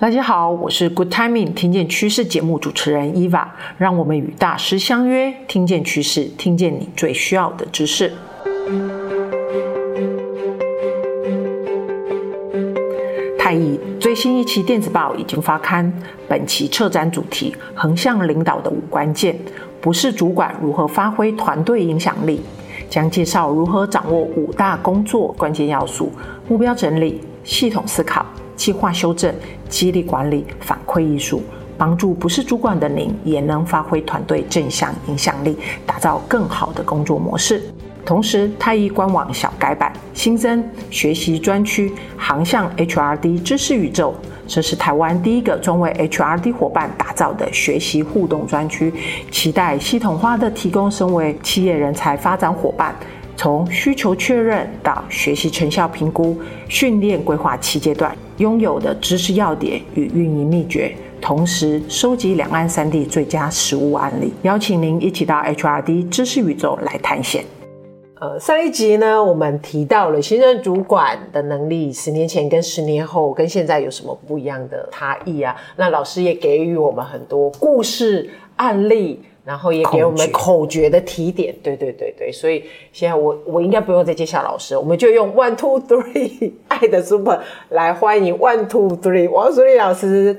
大家好，我是 Good Timing 聽見趨勢節目主持人 Eva，讓我們與大師相約，聽見趨勢，聽見你最需要的知識。太乙最新一期電子報已經發刊，本期策展主題：橫向領導的五關鍵，不是主管如何發揮團隊影響力，將介紹如何掌握五大工作關鍵要素：目標整理、系統思考。計劃修正、激勵管理、反饋藝術，幫助不是主管的您也能發揮團隊正向影響力，打造更好的工作模式。同時，太毅官網小改版新增學習專區“航向 HRD 知識宇宙”，這是台灣第一個專為 HRD 夥伴打造的學習互動專區。期待系統化的提供，身為企業人才發展夥伴，從需求確認到學習成效評估、訓練規劃七階段。擁有的知識要點與運營秘訣，同時收集兩岸三地最佳實務案例，邀請您一起到 HRD 知識宇宙來探險。呃，上一集呢，我們提到了新任主管的能力，十年前跟十年後跟現在有什麼不一樣的差異啊？那老師也給予我們很多故事案例。然後也給我們口訣的提點，懼對對對對，所以現在我我應該不用再介紹老師，我們就用 one two three 愛的 super 來歡迎 one two three 王淑麗老師。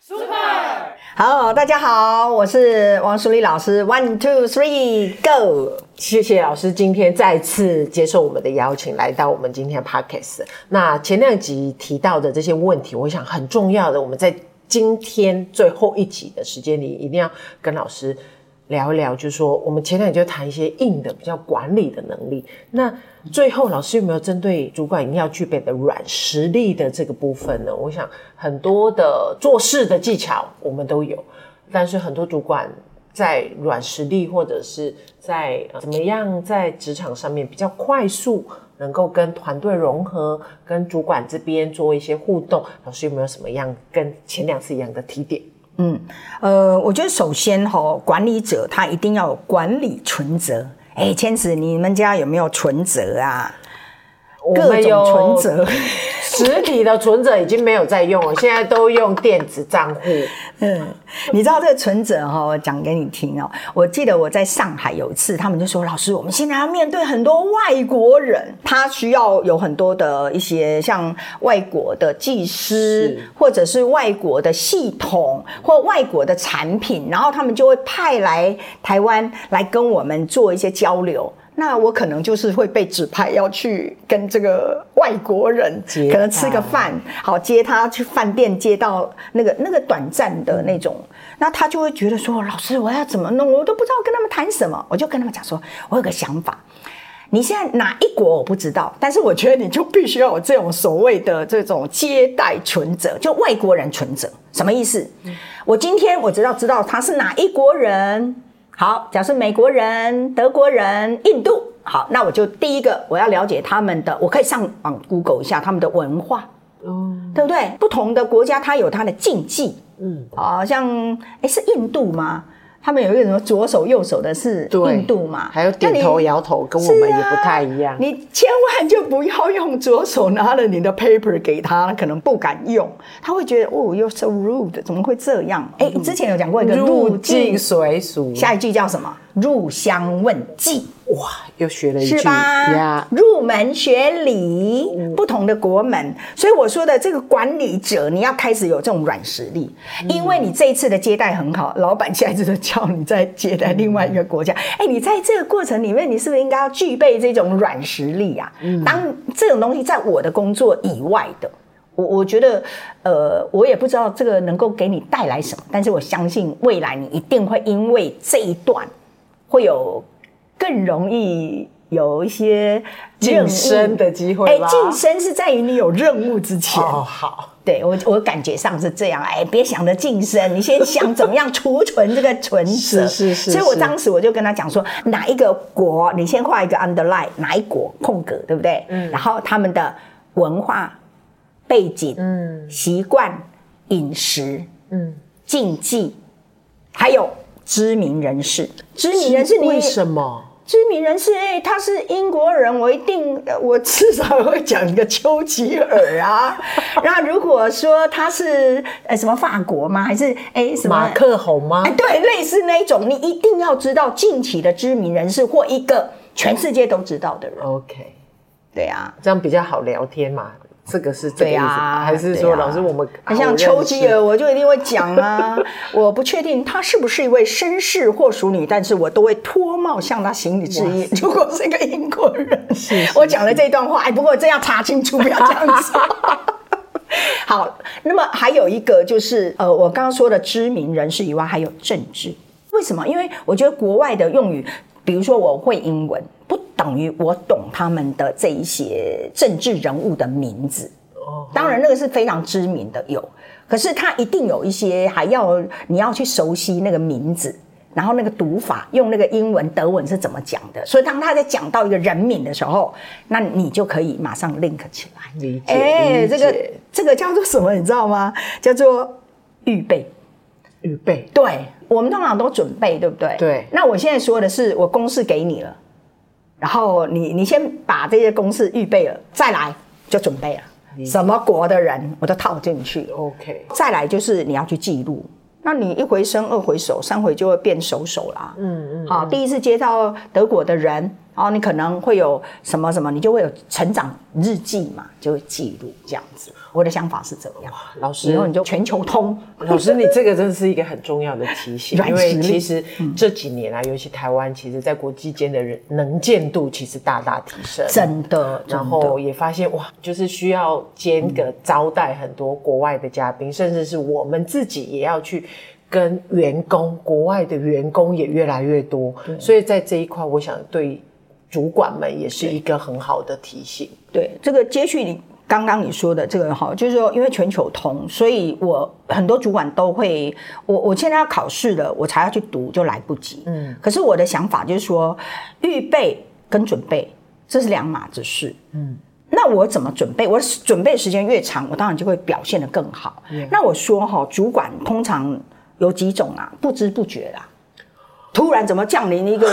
super 好，好，大家好，我是王淑麗老師。one two three go，謝謝老師今天再次接受我們的邀請，來到我們今天的 podcast。那前兩集提到的這些問題，我想很重要的，我們在。今天最後一集的時間裡，一定要跟老師聊一聊，就是說，我們前兩節談一些硬的、比較管理的能力。那最後，老師有沒有針對主管一定要具備的軟實力的這個部分呢？我想，很多的做事的技巧我們都有，但是很多主管在軟實力，或者是在、呃、怎麼樣在職場上面比較快速。能夠跟團隊融合，跟主管這邊做一些互動，老師有沒有什麼樣跟前兩次一樣的提點？嗯，呃，我覺得首先吼，管理者他一定要有管理存摺。哎、欸，千子，你們家有沒有存摺啊？沒有各種存摺。實體的存摺已經沒有在用了，現在都用電子賬戶。嗯，你知道這個存摺哈、哦？我講給你聽哦。我記得我在上海有一次，他們就說：“老師，我們現在要面對很多外國人，他需要有很多的一些像外國的技師，是或者是外國的系統或外國的產品。”然後他們就會派來台灣來跟我們做一些交流。那我可能就是會被指派要去跟這個外國人，啊、可能吃個飯，好，接他去飯店，接到那個那個短暫的那種，那他就會覺得說，老師，我要怎麼弄？我都不知道跟他們談什麼。我就跟他們講說，我有個想法，你現在哪一國我不知道，但是我覺得你就必須要有這種所謂的這種接待存折，就外國人存折，什麼意思？我今天我只要知道他是哪一國人。好，假設美國人、德國人、印度，好，那我就第一個我要了解他們的，我可以上網 Google 一下他們的文化，嗯、對不對？不同的國家它有它的禁忌，嗯，好像誒、欸、是印度嗎？他們有一個什麼左手右手的是印度嘛對？還有點頭搖頭你跟我們也不太一樣、啊。你千萬就不要用左手拿了你的 paper 給他，他可能不敢用，他會覺得哦，you're so rude，怎麼會這樣？哎、欸，之前有講過一個入,入境隨俗，下一句叫什麼？入鄉問忌。哇，又學了一句，是吧 Yeah. 入門學禮，不同的國門，所以我說的這個管理者，你要開始有這種軟實力，嗯、因為你這一次的接待很好，老板現在就叫你再接待另外一個國家，哎、嗯欸，你在這個過程裡面，你是不是應該要具備這種軟實力啊？嗯、當這種東西在我的工作以外的，我我覺得，呃，我也不知道這個能夠給你帶來什麼，但是我相信未來你一定會因為這一段會有。更容易有一些晉升的機會哎，晉升、欸、是在於你有任務之前。哦，好，好，好。對我，我感覺上是這樣。哎、欸，別想着晉升，你先想怎麼樣儲存這個存折。 是，是，是是是。所以我當時我就跟他講說，哪一個國你先畫一個 underline，哪一國空格，對不對？嗯。然後他們的文化背景，嗯，習慣飲食，嗯，禁忌，還有。知名人士，知名人士你，你為什麼知名人士、欸？他是英國人，我一定，我至少會講一個丘吉爾啊。那 如果說他是、欸、什麼法國嗎？還是、欸、什麼馬克宏嗎、欸？對，類似那一種，你一定要知道近期的知名人士或一個全世界都知道的人。OK，對啊，這樣比較好聊天嘛。這個是這個意思、啊、還是說老師，我們、啊、像丘吉爾，我就一定會講啊！ 我不確定他是不是一位紳士或淑女， 但是我都會脫帽向他行禮致意。塞如果是一個英國人，是是是我講了這段話，哎，不過真要查清楚，不要這樣子。 好，那麼還有一個就是，呃，我剛剛說的知名人士以外，還有政治。為什麼？因為我覺得國外的用語，比如說我會英文。不等於我懂他們的這一些政治人物的名字哦，當然那個是非常知名的有，可是他一定有一些還要你要去熟悉那個名字，然後那個讀法，用那個英文、德文是怎麼講的。所以當他在講到一個人名的時候，那你就可以馬上 link 起來。理解，哎，理解，這個這個叫做什麼？你知道嗎？叫做預備，預備。對，我們通常都準備，對不對？對。那我現在說的是，我公式給你了。然後你你先把這些公式預備了，再來就準備了。什麼國的人我都套進去，OK。再來就是你要去記錄。那你一回生二回熟，三回就會變熟手啦。嗯、嗯嗯。好，第一次接到德國的人。哦，你可能會有什麼什麼，你就會有成長日記嘛，就會記錄這樣子。我的想法是這樣哇，老師，然後你就、嗯、全球通。嗯、老師，你這個真的是一個很重要的提醒，嗯、因為其實這幾年啊，嗯、尤其台灣，其實，在國際間的能見度其實大大提升。真的，然後也發現哇，就是需要間隔招待很多國外的嘉賓，嗯、甚至是我們自己也要去跟員工，國外的員工也越來越多。對所以在這一塊，我想對。主管們也是一個很好的提醒。對,對這個接續你剛剛你說的這個哈，就是說因為全球通，所以我很多主管都會，我我現在要考試了，我才要去讀，就來不及。嗯，可是我的想法就是說，預備跟準備這是兩碼子事。嗯，那我怎麼準備？我準備時間越長，我當然就會表現得更好。嗯，那我說哈，主管通常有幾種啊？不知不覺啊，突然怎麼降臨一個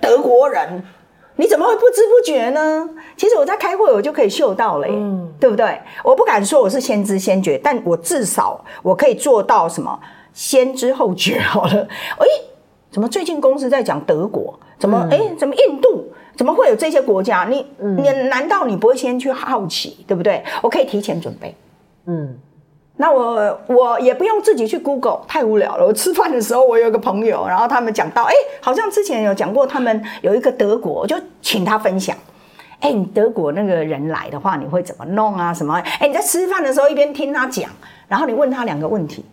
德國人？ 你怎麼會不知不覺呢？其實我在開會，我就可以嗅到了，耶。嗯、對不對？我不敢說我是先知先覺，但我至少我可以做到什麼先知後覺好了。哎，怎麼最近公司在講德國？怎麼哎、嗯？怎麼印度？怎麼會有這些國家？你、嗯、你難道你不會先去好奇，對不對？我可以提前準備，嗯。那我我也不用自己去 Google，太無聊了。我吃飯的時候，我有個朋友，然後他們講到，哎，好像之前有講過，他們有一個德國，我就請他分享。哎，你德國那個人來的話，你會怎麼弄啊？什麼？哎，你在吃飯的時候一邊聽他講，然後你問他兩個問題。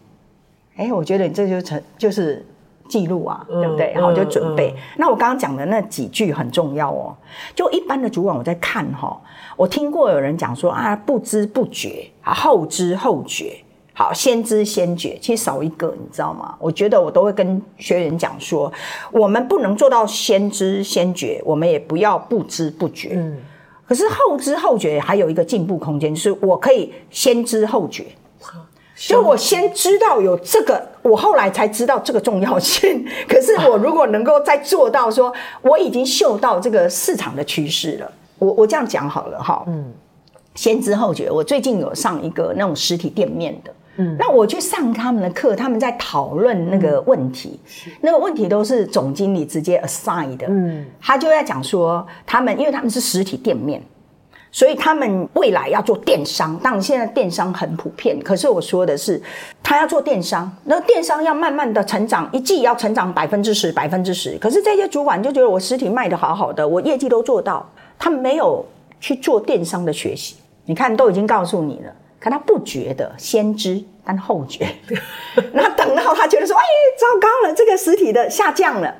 哎，我覺得你這就成、是、就是。記錄啊，對不對？嗯、好，就準備。嗯嗯、那我剛剛講的那幾句很重要哦。就一般的主管，我在看哈、哦，我聽過有人講說啊，不知不覺啊，後知後覺，好，先知先覺。其實少一個，你知道嗎？我覺得我都會跟學員講說，我們不能做到先知先覺，我們也不要不知不覺。嗯。可是後知後覺還有一個進步空間，就是我可以先知後覺。就我先知道有這個，我後來才知道這個重要性。可是我如果能夠再做到說，我已經嗅到這個市場的趨勢了。我我這樣講好了哈，嗯，先知後覺。我最近有上一個那種實體店面的，嗯，那我去上他們的課，他們在討論那個問題，那個問題都是總經理直接 assign 的，嗯，他就在講說，他們因為他們是實體店面。所以他們未來要做電商，當然現在電商很普遍。可是我說的是，他要做電商，那電商要慢慢的成長，一季要成長百分之十，百分之十。可是這些主管就覺得我實體賣得好好的，我業績都做到，他沒有去做電商的學習。你看都已經告訴你了，可他不覺得先知，但後覺。那等到他覺得說，哎，糟糕了，這個實體的下降了，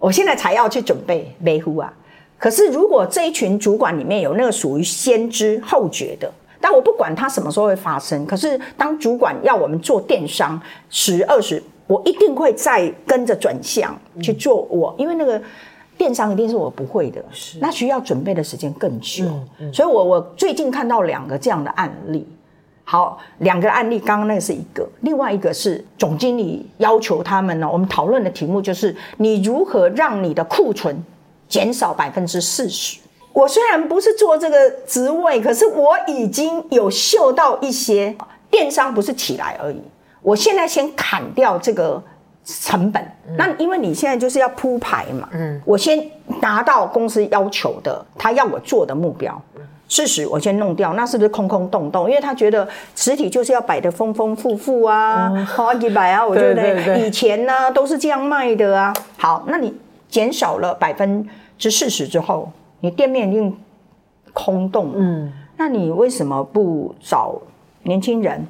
我現在才要去準備維護啊。可是，如果這一群主管裡面有那個屬於先知後覺的，但我不管它什麼時候會發生。可是，當主管要我們做電商十二十，10, 20, 我一定會再跟着轉向去做我。我、嗯、因為那個電商一定是我不會的，是那需要準備的時間更久。嗯嗯、所以我我最近看到兩個這樣的案例，好，兩個案例，剛剛那個是一個，另外一個是總經理要求他們呢。我們討論的題目就是：你如何讓你的庫存減少百分之四十。我雖然不是做這個職位，可是我已經有嗅到一些電商不是起來而已。我現在先砍掉這個成本。嗯、那因為你現在就是要鋪排嘛，嗯，我先拿到公司要求的，他要我做的目標，嗯、事實我先弄掉，那是不是空空洞洞？因為他覺得實體就是要擺得豐豐富富啊，好，幾百啊，我覺得以前呢、啊、都是這樣賣的啊。好，那你。減少了百分之四十之後，你店面已經空洞了。嗯，那你為什麼不找年輕人，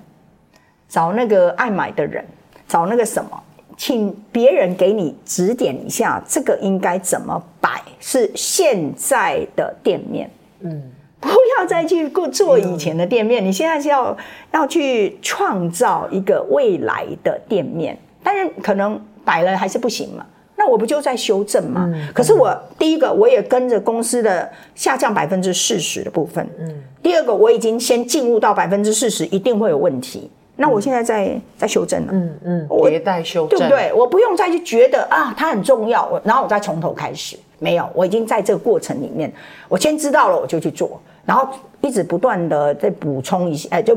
找那個愛買的人，找那個什麼，請別人給你指點一下，這個應該怎麼擺？是現在的店面。嗯，不要再去做以前的店面，嗯、你現在是要要去創造一個未來的店面。但是可能擺了還是不行嘛。那我不就在修正嘛。嗯、可是我、嗯、第一個我也跟着公司的下降百分之四十的部分。嗯。第二個我已經先進入到百分之四十，一定會有問題。嗯、那我現在在在修正了。嗯嗯。我也在修正對不對？我不用再去覺得啊，它很重要。我然後我再從頭開始，沒有，我已經在這個過程裡面，我先知道了，我就去做，然後一直不斷的在補充一些，哎，就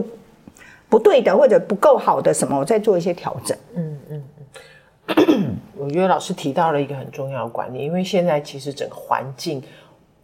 不對的或者不夠好的什麼，我再做一些調整。嗯嗯嗯。嗯 我覺得老師提到了一個很重要的觀念，因為現在其實整個環境、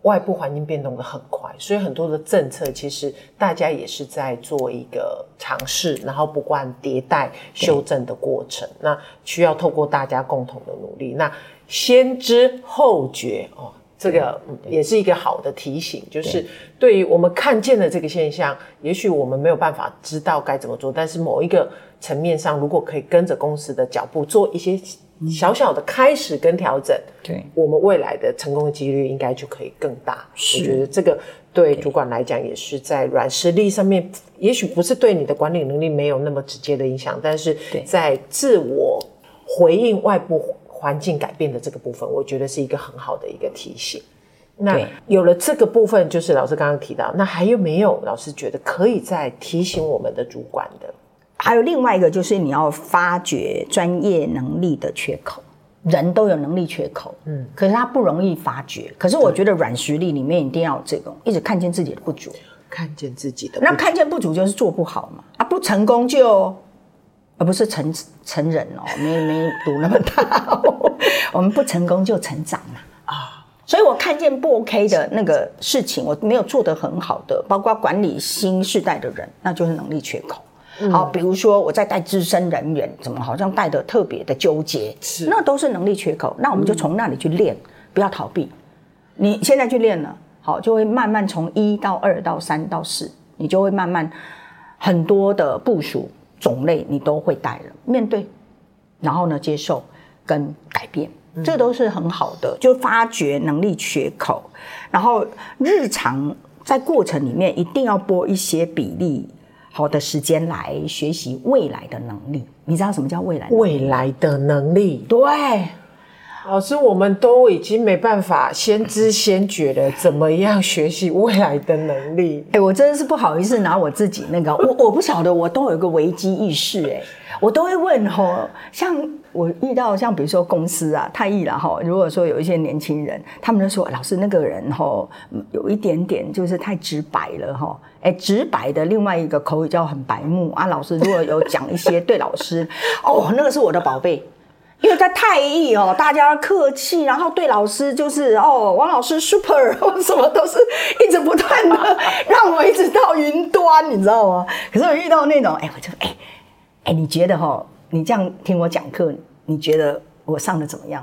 外部環境變動得很快，所以很多的政策其實大家也是在做一個嘗試，然後不斷迭代修正的過程。對那需要透過大家共同的努力。那先知後覺哦，這個也是一個好的提醒，對就是對於我們看見的這個現象，也許我們沒有辦法知道該怎麼做，但是某一個層面上，如果可以跟着公司的腳步做一些。嗯、小小的開始跟調整，對我們未來的成功幾率應該就可以更大。是我覺得這個對主管來講也是在軟實力上面，也許不是對你的管理能力沒有那麼直接的影響，對但是在自我回應外部環境改變的這個部分，我覺得是一個很好的一個提醒。那有了這個部分，就是老師剛剛提到，那還有沒有老師覺得可以再提醒我們的主管的？還有另外一個就是你要發掘專業能力的缺口，人都有能力缺口，嗯，可是他不容易發掘。可是我覺得軟實力裡面一定要有這個，一直看見自己的不足，看見自己的不足。那看見不足就是做不好嘛？啊，不成功就，而不是成成人哦，沒沒讀那麼大哦。 我們不成功就成長嘛啊，所以我看見不 OK 的那個事情，我沒有做得很好的，包括管理新世代的人，那就是能力缺口。好，比如說我在帶資深人員，怎麼好像帶的特別的糾結？是，那都是能力缺口。那我們就從那裡去練，不要逃避。你現在去練了，好，就會慢慢從一到二到三到四，你就會慢慢很多的部屬種類你都會帶了，面對，然後呢，接受跟改變，這都是很好的。就發掘能力缺口，然後日常在過程裡面一定要撥一些比例。好的時間來學習未來的能力，你知道什麼叫未來？未來的能力，對，老師，我們都已經沒辦法先知先覺的，怎麼樣學習未來的能力？哎，我真的是不好意思拿我自己那個，我我不曉得，我都有個危機意識，哎，我都會問吼：「像。我遇到像比如說公司啊泰藝了哈，如果說有一些年輕人，他們就說，老師那個人哈有一點點就是太直白了哈，哎、欸、直白的另外一個口語叫很白目啊。老師如果有講一些對老師 哦，那個是我的寶貝，因為在太藝哦，大家客氣，然後對老師就是哦，王老師 super，什麼都是一直不斷的讓我一直到雲端，你知道嗎？可是我遇到那種哎、欸，我就哎哎，欸欸、你覺得哈？你這樣聽我講課，你覺得我上的怎麼樣？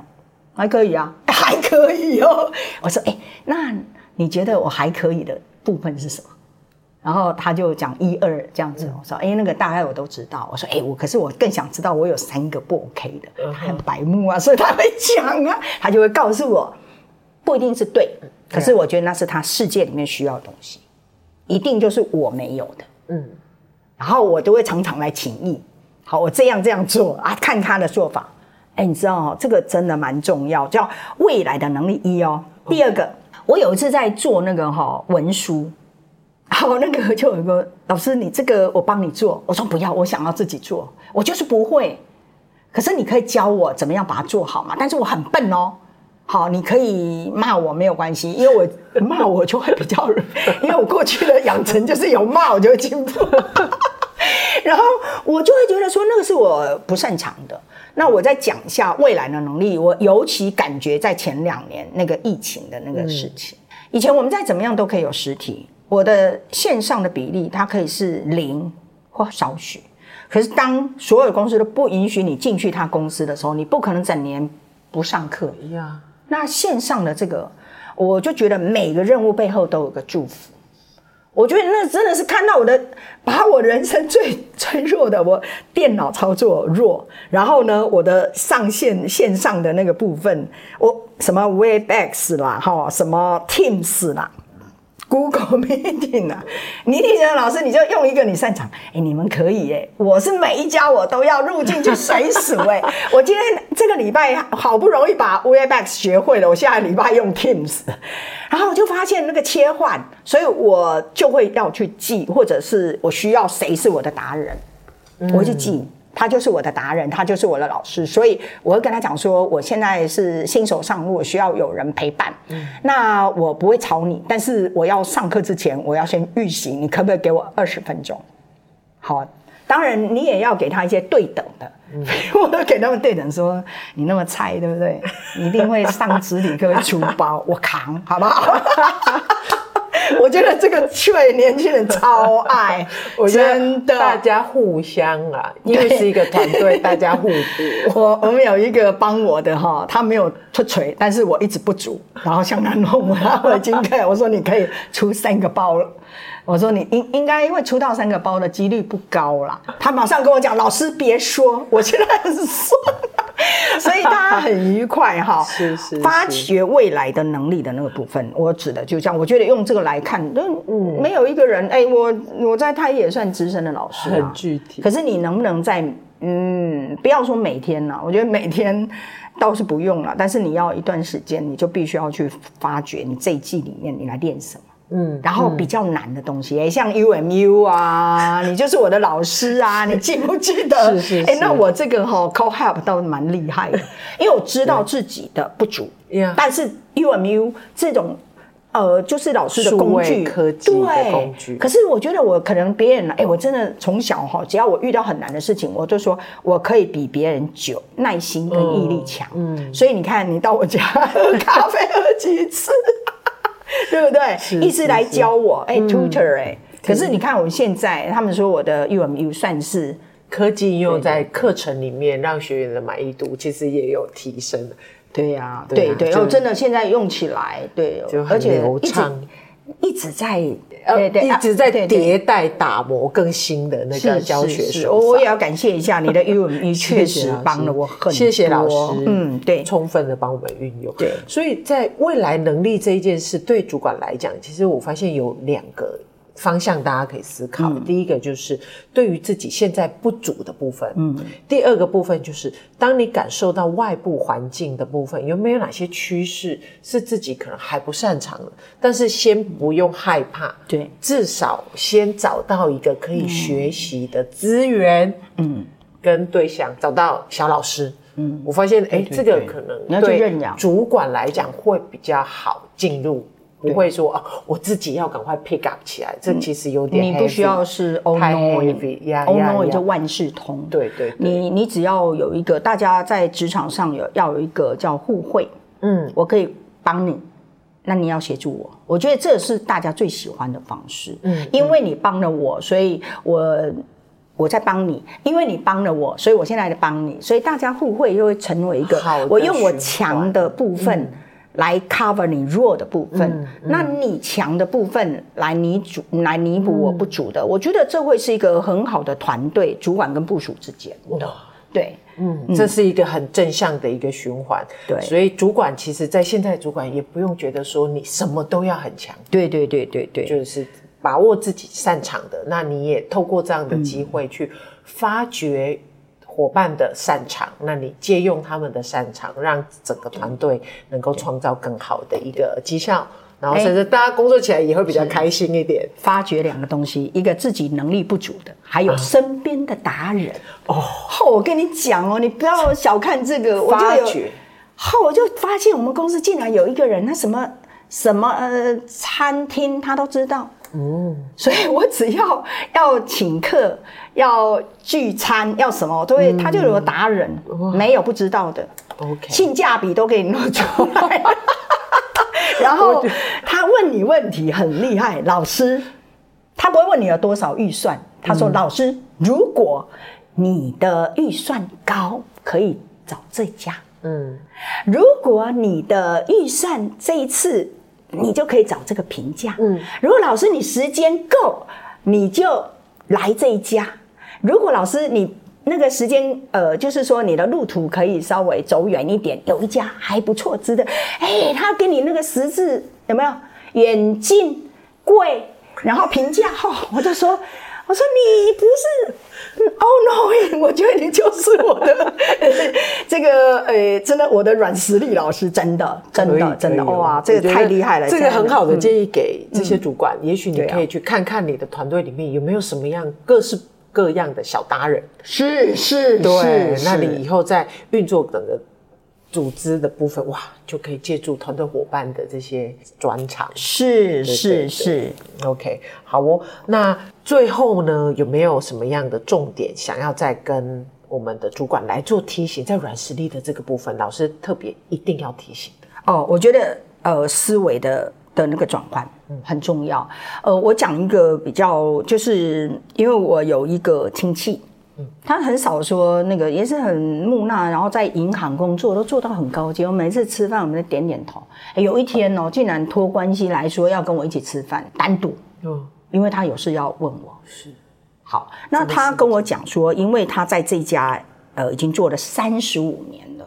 還可以啊，欸、還可以哦。我說，誒、欸、那你覺得我還可以的部分是什麼？然後他就講一二這樣子。的我說，誒、欸、那個大概我都知道。我說，誒、欸、我可是我更想知道，我有三個不 OK 的，他很、嗯、哼白目啊，所以他會講啊，他就會告訴我，不一定是對，可是我覺得那是他世界裡面需要的東西，一定就是我沒有的。嗯，然後我都會常常來請益。好，我這樣這樣做啊，看他的做法。哎，你知道哈、哦，這個真的蠻重要，叫未來的能力一哦。第二個，我有一次在做那個哈、哦、文書，好，那個就有個老師，你這個我幫你做，我說不要，我想要自己做，我就是不會。可是你可以教我怎麼樣把它做好嘛？但是我很笨哦。好，你可以罵我，沒有關係，因為我罵我就會比較，因為我過去的養成就是有罵我就會進步。 然後我就會覺得說，那個是我不擅長的。那我再講一下未來的能力。我尤其感覺在前兩年那個疫情的那個事情，嗯、以前我們再怎麼樣都可以有實體，我的線上的比例它可以是零或少許。可是當所有公司都不允許你進去他公司的時候，你不可能整年不上課。那線上的這個，我就覺得每個任務背後都有個祝福。我覺得那真的是看到我的，把我人生最最弱的，我電腦操作弱，然後呢，我的上線線上的那個部分，我什麼 Webex 啦，齁，什麼 Teams 啦。Google Meeting 啊，你一定覺得老師你就用一個你擅長，哎，你們可以哎、欸，我是每一家我都要入進去、欸，隨時哎？我今天這個禮拜好不容易把 Webex 學會了，我下禮拜用 Teams，然後我就發現那個切換，所以我就會要去記，或者是我需要誰是我的達人，我就去記。嗯。他就是我的達人，他就是我的老師，所以我會跟他講說，我現在是新手上路，需要有人陪伴。那我不會吵你，但是我要上課之前，我要先預習，你可不可以給我二十分鐘？好啊，當然你也要給他一些對等的， 我都給他們對等說，你那麼菜，對不對？你一定會上物理課 出包，我扛好不好？ 我覺得這個錘年輕人超愛， 我真的。大家互相啊，因為的對是一個團隊， 大家互補。我我們有一個幫我的哈，他沒有出錘，但是我一直不足，然後向他弄了我經克。 我說你可以出三個包了，我說你應應該因為出到三個包的幾率不高啦。他馬上跟我講：“老師別說，我現在還是說。” 所以大家很愉快哈、哦， 是是，是，發掘未來的能力的那個部分，我指的就這樣。我覺得用這個來看，沒有一個人哎、欸，我我在台也算資深的老師嘛，很具體。可是你能不能在嗯，不要說每天了，我覺得每天倒是不用了，但是你要一段時間，你就必須要去發掘你這一季裡面你來練什麼。嗯，然後比較難的東西，哎、嗯，像 U M U 啊，你就是我的老師啊， 你記不記得？ 是是，是。哎、欸，那我這個吼 c a l l help 倒是蠻厲害的，因為我知道自己的不足。Yeah. 但是 U M U 這種，呃，就是老師的工具科技的工具，對。可是我覺得我可能別人哎、欸，我真的從小哈、哦，只要我遇到很難的事情，我就說我可以比別人久耐心跟毅力強。嗯。嗯，所以你看，你到我家喝咖啡喝幾次？ 對不對？一直來教我，哎、欸嗯、，tutor 哎、欸。可是你看，我們現在他們說我的 UMU 算是科技又在課程裡面讓學員的滿意度其實也有提升。對呀，對對哦，對對就我真的現在用起來，對，就很流暢而且一直。一直在、呃、對對一直在迭代打磨更新的那個教學手法，我也要感謝一下你的 U M E， 確實幫了我很多。謝謝老師，謝謝老師，嗯，對，充分的幫我們運用。對，所以在未來能力這一件事，對主管來講，其實我發現有兩個。方向大家可以思考。嗯、第一個就是對於自己現在不足的部分，嗯，第二個部分就是當你感受到外部環境的部分，有沒有哪些趨勢是自己可能還不擅長的？但是先不用害怕，對、嗯，至少先找到一個可以學習的資源，嗯，跟對象找到小老師，嗯，我發現誒、欸、這個可能對主管來講會比較好進入。對不會說啊，我自己要趕快 pick up 起來，嗯、這其實有點 ven, 你不需要是 all k n o w i n all k n o w 就萬事通。對，對對，你你只要有一個，大家在職場上有要有一個叫互惠。嗯，我可以幫你，那你要協助我。我覺得這是大家最喜歡的方式。嗯，因為你幫了我，所以我我在幫你，因為你幫了我，所以我現在幫你，所以大家互惠又會成為一個。好，我用我強的部分。嗯來 cover 你弱的部分，嗯嗯、那你強的部分來彌補來彌補我不足的，嗯、我覺得這會是一個很好的團隊，主管跟部屬之間的、嗯、對，嗯，這是一個很正向的一個循環，對，對所以主管其實在現在，主管也不用覺得說你什麼都要很強，對對對對對，就是把握自己擅長的，那你也透過這樣的機會去發掘。伙伴的擅長，那你借用他們的擅長，讓整個團隊能夠創造更好的一個績效，然後甚至大家工作起來也會比較開心一點。哎、發掘兩個東西，一個自己能力不足的，還有身邊的達人。哦、啊，oh, oh, 我跟你講哦，你不要小看這個，發我就有。好覺，oh, 我就發現我們公司竟然有一個人，他什麼什麼呃餐廳他都知道。哦，嗯、所以我只要要請客、要聚餐、要什麼，都會、嗯、他就有個達人，哇沒有不知道的。OK，性價比都給你弄出來。 然後他問你問題很厲害，老師他不會問你有多少預算，他說：“嗯、老師，如果你的預算高，可以找這家。嗯，如果你的預算這一次。”你就可以找這個評價。嗯，如果老師你時間夠，你就來這一家；如果老師你那個時間，呃，就是說你的路途可以稍微走遠一點，有一家還不錯，值得。誒，他跟你那個十字有沒有遠近？貴，然後評價哈、哦，我就說。我說，你不是，Oh no！我覺得你就是我的這個呃，真的，我的軟實力老師，真的，真的，真的，哇，這個太厲害了！這個很好的建議給這些主管，也許你可以去看看你的團隊裡面有沒有什麼樣各式各樣的小達人，是是，對，那你以後在運作整個。組織的部分哇，就可以借助團隊伙伴的這些專長，是對對對是是，OK，好哦。那最後呢，有沒有什麼樣的重點想要再跟我們的主管來做提醒，在軟實力的這個部分，老師特別一定要提醒哦。我覺得呃，思維的的那個轉換很重要。嗯、呃，我講一個比較，就是因為我有一個親戚。他很少說那個，也是很木訥，然後在銀行工作都做到很高級。我每次吃飯，我們都點點頭。哎，有一天哦，竟然托關係來說要跟我一起吃飯，單獨。嗯，因為他有事要問我。是。好，那他跟我講說，因為他在這家呃已經做了三十五年了，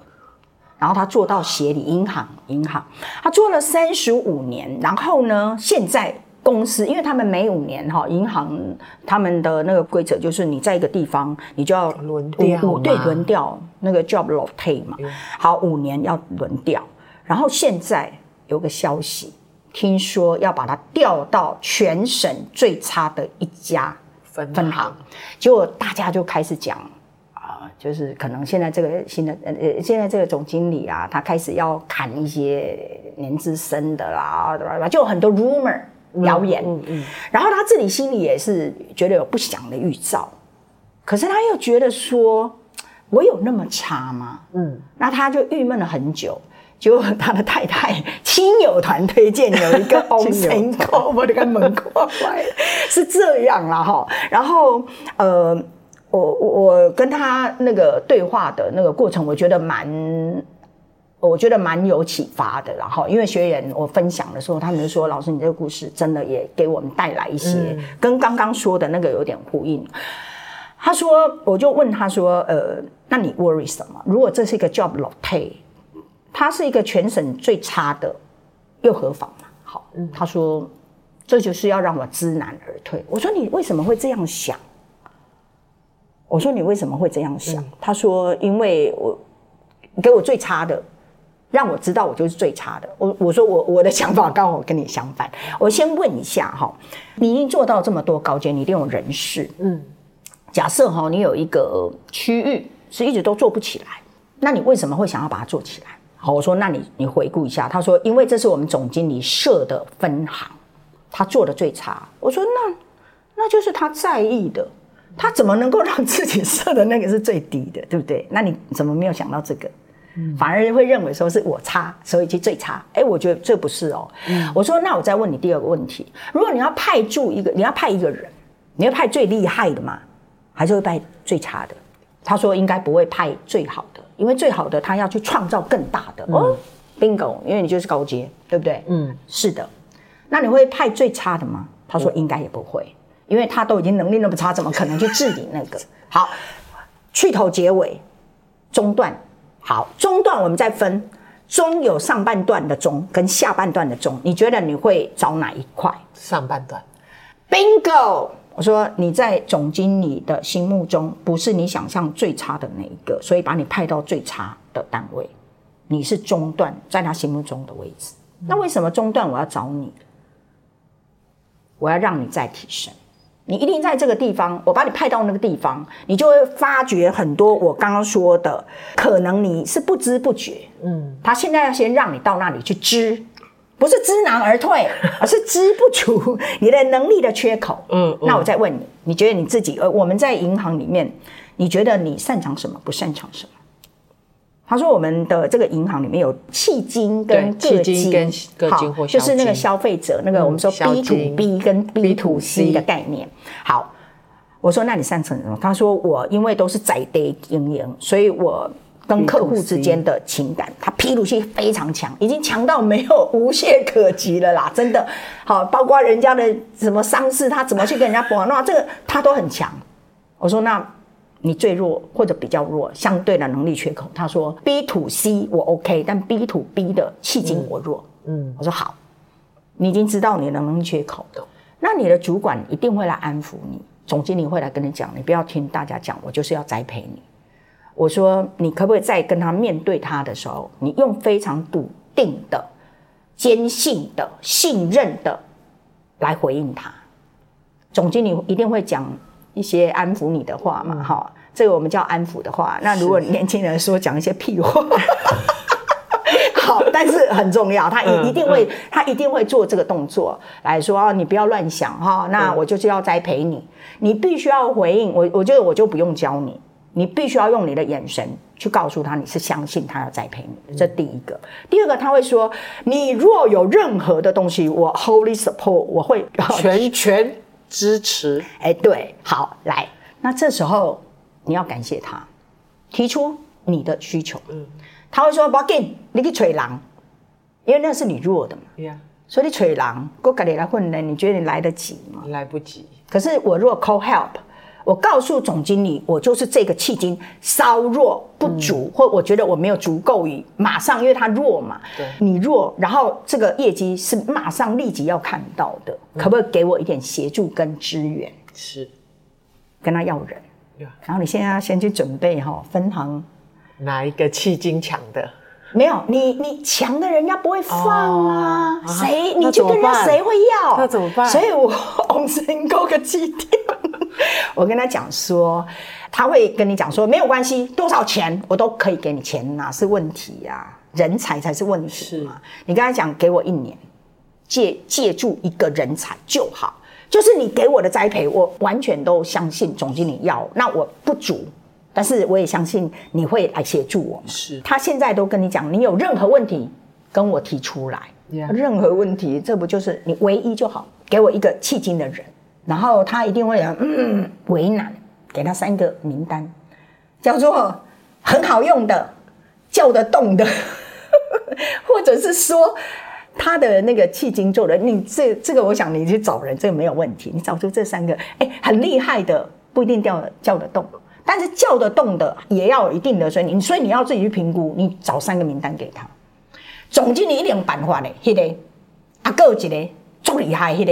然後他做到協理，銀行，銀行他做了三十五年，然後呢，現在。公司，因為他們每五年哈，銀行他們的那個規則就是你在一個地方，你就要 5, 輪調 5, 對輪調，那個 job rotate 嘛。嗯、好，五年要輪調。然後現在有個消息，聽說要把它調到全省最差的一家分行，分行，結果大家就開始講啊、呃，就是可能現在這個新的呃呃，現在這個總經理啊，他開始要砍一些年資深的啦，就很多 rumor。謠言，嗯嗯嗯、然後他自己心裡也是覺得有不祥的預兆，可是他又覺得說，我有那麼差嗎？嗯，那他就鬱悶了很久。結果他的太太親友團推薦有一個 O 人，狗，我這個門框壞了，是這樣啦哈、哦。然後呃，我我我跟他那個對話的那個過程，我覺得蠻。我覺得蠻有啟發的，然後因為學員我分享的時候，他們就說：“老師，你這個故事真的也給我們帶來一些，嗯、跟剛剛說的那個有點呼應。”他說：“我就問他說，呃，那你 worry 什麼？如果這是一個 job rotate，他是一個全省最差的，又何妨嘛？”好，他說：“這就是要讓我知難而退。”我說：“你為什麼會這樣想？”我說：“你為什麼會這樣想？”嗯、他說：“因為我，你給我最差的。”讓我知道我就是最差的。我我說，我我的想法剛好跟你相反。我先問一下哈，你已經做到這麼多高階，你一定有人事。嗯，假設哈，你有一個區域是一直都做不起來，那你為什麼會想要把它做起來？好，我說，那你你回顧一下。他說，因為這是我們總經理設的分行，他做的最差。我說那那就是他在意的，他怎麼能夠讓自己設的那個是最低的，對不對？那你怎麼沒有想到這個？反而會認為說是我差，所以去最差。欸，我覺得這不是哦。喔。嗯、我說，那我再問你第二個問題：如果你要派駐一個，你要派一個人，你要派最厲害的嗎？還是會派最差的？他說應該不會派最好的，因為最好的他要去創造更大的。嗯、哦。Bingo，因為你就是高階，對不對？嗯，是的。那你會派最差的嗎？他說應該也不會，因為他都已經能力那麼差，怎麼可能去治理那個？ 好，去頭結尾，中斷。好，中段我們再分，中有上半段的中跟下半段的中，你覺得你會找哪一塊？上半段。Bingo！我說你在總經理的心目中不是你想象最差的那一個，所以把你派到最差的單位，你是中段在他心目中的位置。嗯。那為什麼中段我要找你？我要讓你再提升。你一定在這個地方，我把你派到那個地方，你就會發覺很多我剛剛說的，可能你是不知不覺，嗯，他現在要先讓你到那裡去知，不是知難而退，而是知不足，你的能力的缺口，嗯，嗯，那我再問你，你覺得你自己，呃，我們在銀行裡面，你覺得你擅長什麼，不擅長什麼？他說：“我們的這個銀行裡面有企金跟個金，企金跟個金好，就是那個消費者那個我們說 B to B 跟 B to C 的概念。”好，我說：“那你擅長什麼？”他說：“我因為都是在地經營，所以我跟客戶之間的情感，他披露性非常強，已經強到沒有無懈可擊了啦，真的好，包括人家的什麼喪事，他怎麼去跟人家補啊？那這個他都很強。”我說：“那。”你最弱或者比較弱，相對的能力缺口。他說 B to C 我 OK，但 B to B 的契機我弱。嗯，嗯我說好，你已經知道你的能力缺口。嗯、那你的主管一定會來安撫你，總經理會來跟你講，你不要聽大家講，我就是要栽培你。我說你可不可以在跟他面對他的時候，你用非常篤定的、堅信的、信任的來回應他？總經理一定會講一些安撫你的話嘛？哈、嗯。這個我們叫安撫的話。那如果年輕人說是講一些屁話， 好， 但是很重要，他一一定會，嗯嗯、他一定會做這個動作來說啊，你不要亂想哈，那我就是要栽培你嗯、你必須要回應我，我就我就不用教你，你必須要用你的眼神去告訴他你是相信他要栽培你。嗯、這第一個。第二個他會說，你若有任何的東西，我 wholly support，我會全全支持，哎，欸、對，好，來，那這時候。你要感謝他，提出你的需求，嗯、他會說“不要緊，你去吹狼”，因為那是你弱的嘛。對呀、嗯，所以你吹狼，我跟你來混呢，你覺得你來得及嗎？來不及。可是我若 call help，我告訴總經理，我就是這個迄今稍弱不足，嗯、或我覺得我沒有足夠於馬上，因為他弱嘛。對。你弱，然後這個業績是馬上立即要看到的，嗯、可不可以給我一點協助跟支援？是，跟他要人。然後你現在先去準備哈、哦，分行哪一個棄金搶的，沒有你你搶的，人家不會放啊，哦、誰啊，你就跟人家誰會要、啊，那怎麼辦？所以我我們先勾個基調 我跟他講說，他會跟你講說沒有關係，多少錢我都可以給你錢、啊，哪是問題呀、啊？人才才是問題嘛？是你跟他講，給我一年借借助一個人才就好。就是你給我的栽培，我完全都相信總經理要，那我不足，但是我也相信你會來協助我。是，他現在都跟你講，你有任何問題跟我提出來，Yeah. 任何問題，這不就是你唯一就好，給我一個迄今的人，然後他一定會啊、嗯，嗯，為難，給他三個名單，叫做很好用的，叫得動的，或者是說。他的那個氣精做人，你這這個我想你去找人，這個沒有問題。你找出這三個，哎、欸，很厲害的不一定叫叫得動，但是叫得動的也要有一定的，所以你，所以你要自己去評估，你找三個名單給他。總經理一定有辦法嘞，嘿、那個啊，夠幾嘞，做厲害嘿、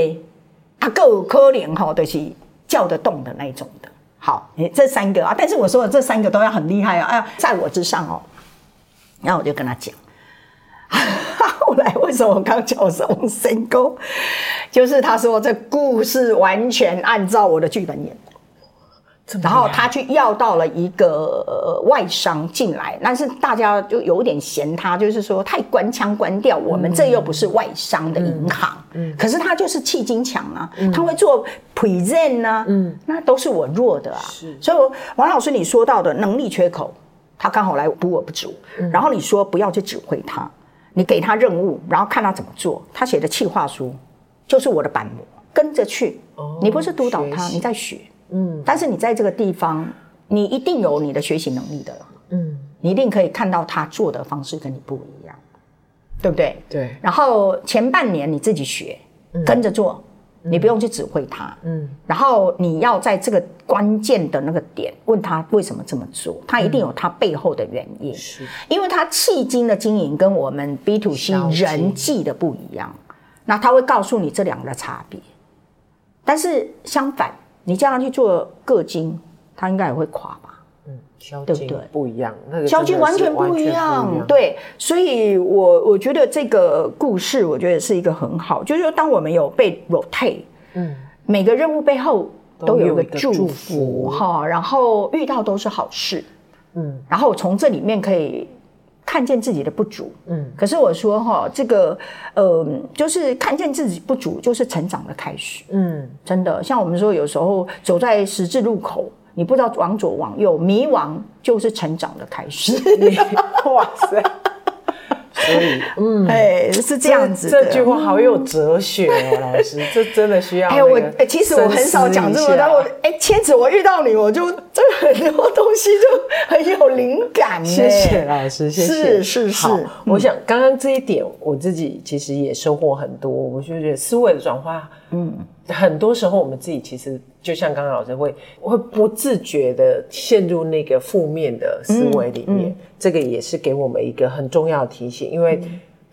那個啊，夠可憐哈，都是叫得動的那一種的。好，欸、這三個啊，但是我說的這三個都要很厲害啊，啊，在我之上哦、喔。然後我就跟他講、啊，後來。我剛講是 single，就是他說這故事完全按照我的劇本演，然後他去要到了一個外商進來，但是大家就有點嫌他，就是說太官腔官調。嗯、我們這又不是外商的銀行，嗯嗯、可是他就是棄金強啊，嗯、他會做 present 啊，嗯、那都是我弱的啊，是。所以王老師你說到的能力缺口，他剛好來補我不足，嗯、然後你說不要去指揮他。你給他任務，然後看他怎麼做。他寫的企劃書，就是我的板模，跟着去。Oh, 你不是督導他，習你在學。嗯，但是你在這個地方，你一定有你的學習能力的。嗯，你一定可以看到他做的方式跟你不一樣，對不對？對。然後前半年你自己學，嗯，跟着做。你不用去指揮他，嗯，然後你要在這個關鍵的那個點問他為什麼這麼做，他一定有他背後的原因，嗯、因為他企金的經營跟我們 B to C 人際的不一樣，了解。那他會告訴你這兩個的差別。但是相反，你叫他去做個金，他應該也會垮吧？對不對？不一樣，對對那個完全，完全不一樣。對，所以我我覺得這個故事，我覺得是一個很好，就是說當我們有被 rotate，嗯，每個任務背後都有個祝福哈、哦，然後遇到都是好事，嗯，然後從這裡面可以看見自己的不足，嗯，可是我說哈、哦，這個呃，就是看見自己不足就是成長的開始，嗯，真的，像我們說有時候走在十字路口。你不知道往左往右，迷茫就是成長的開始。啊、 哇塞！所以，嗯，哎、欸，是這樣子的這。這句話好有哲學哦，老師、嗯，這真的需要。哎、欸，我、欸，其實我很少講這麼、個、多。但我，哎、欸，千子，我遇到你，我就、這個、很多東西就很有靈感、欸。謝謝老師，謝謝，是是是。我想剛剛這一點，我自己其實也收穫很多。我就覺得思維的轉化。嗯，很多時候我們自己其實就像剛剛老師會會不自覺的陷入那個負面的思維裡面，嗯嗯、這個也是給我們一個很重要的提醒，因為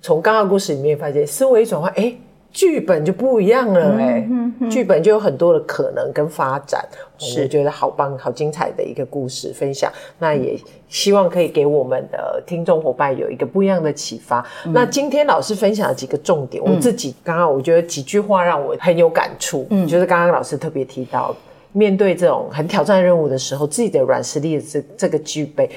從剛剛故事裡面發現思維轉換，哎、欸？劇本就不一樣了哎、欸，劇、嗯、本就有很多的可能跟發展，是我覺得好棒、好精彩的一個故事分享。嗯、那也希望可以給我們的聽眾夥伴有一個不一樣的啟發。嗯、那今天老師分享了幾個重點，嗯、我自己剛剛我覺得幾句話讓我很有感觸，嗯、就是剛剛老師特別提到，嗯、面對這種很挑戰任務的時候，自己的軟實力的這這個具備。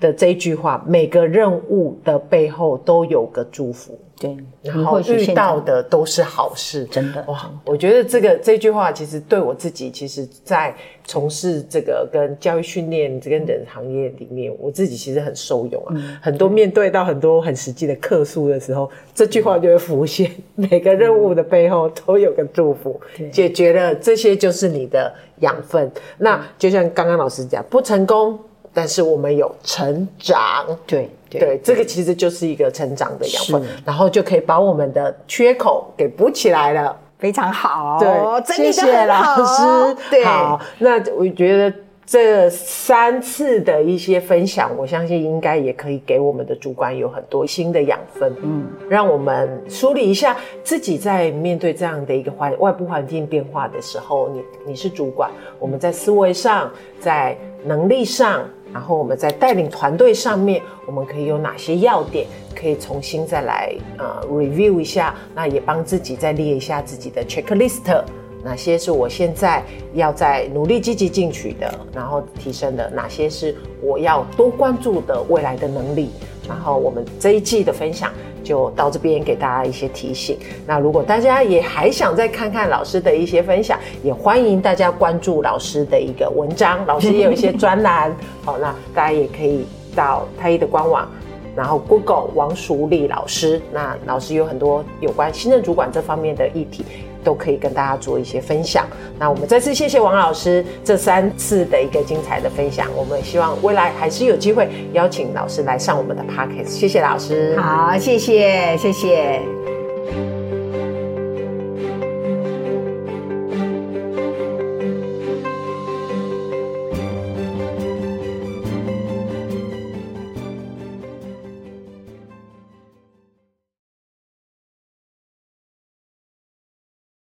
的這一句話，每個任務的背後都有個祝福，對，然後遇到的都是好事，嗯，真的哇！的的我覺得這個這一句話其實對我自己，其實，在從事這個跟教育訓練，這跟人行業裡面，嗯、我自己其實很受用啊。嗯、很多面對到很多很實際的客訴的時候，對這句話就會浮現：嗯、每個任務的背後都有個祝福，對解決了這些就是你的養分。對那就像剛剛老師講，不成功。但是我們有成長，對，對，對，對，這個其實就是一個成長的養分，是，然後就可以把我們的缺口給補起來了，非常好。對，真的，謝謝老師好，對。好，那我覺得這三次的一些分享，我相信應該也可以給我們的主管有很多新的養分，嗯，讓我們梳理一下自己在面對這樣的一個環外部環境變化的時候，你，你是主管，我們在思維上，在能力上。然後我們在帶領團隊上面，我們可以有哪些要點可以重新再來呃 review 一下？那也幫自己再列一下自己的 checklist，哪些是我現在要在努力積極進取的，然後提升的，哪些是我要多關注的未來的能力。然後我們這一季的分享就到這邊，給大家一些提醒。那如果大家也還想再看看老師的一些分享，也歡迎大家關注老師的一個文章，老師也有一些專欄。 好，那大家也可以到太毅的官網，然後 Google 王淑麗老師，那老師有很多有關行政主管這方面的議題。都可以跟大家做一些分享。那我們再次謝謝王老師這三次的一個精彩的分享。我們希望未來還是有機會邀請老師來上我們的 Podcast。謝謝老師，好，謝謝，謝謝。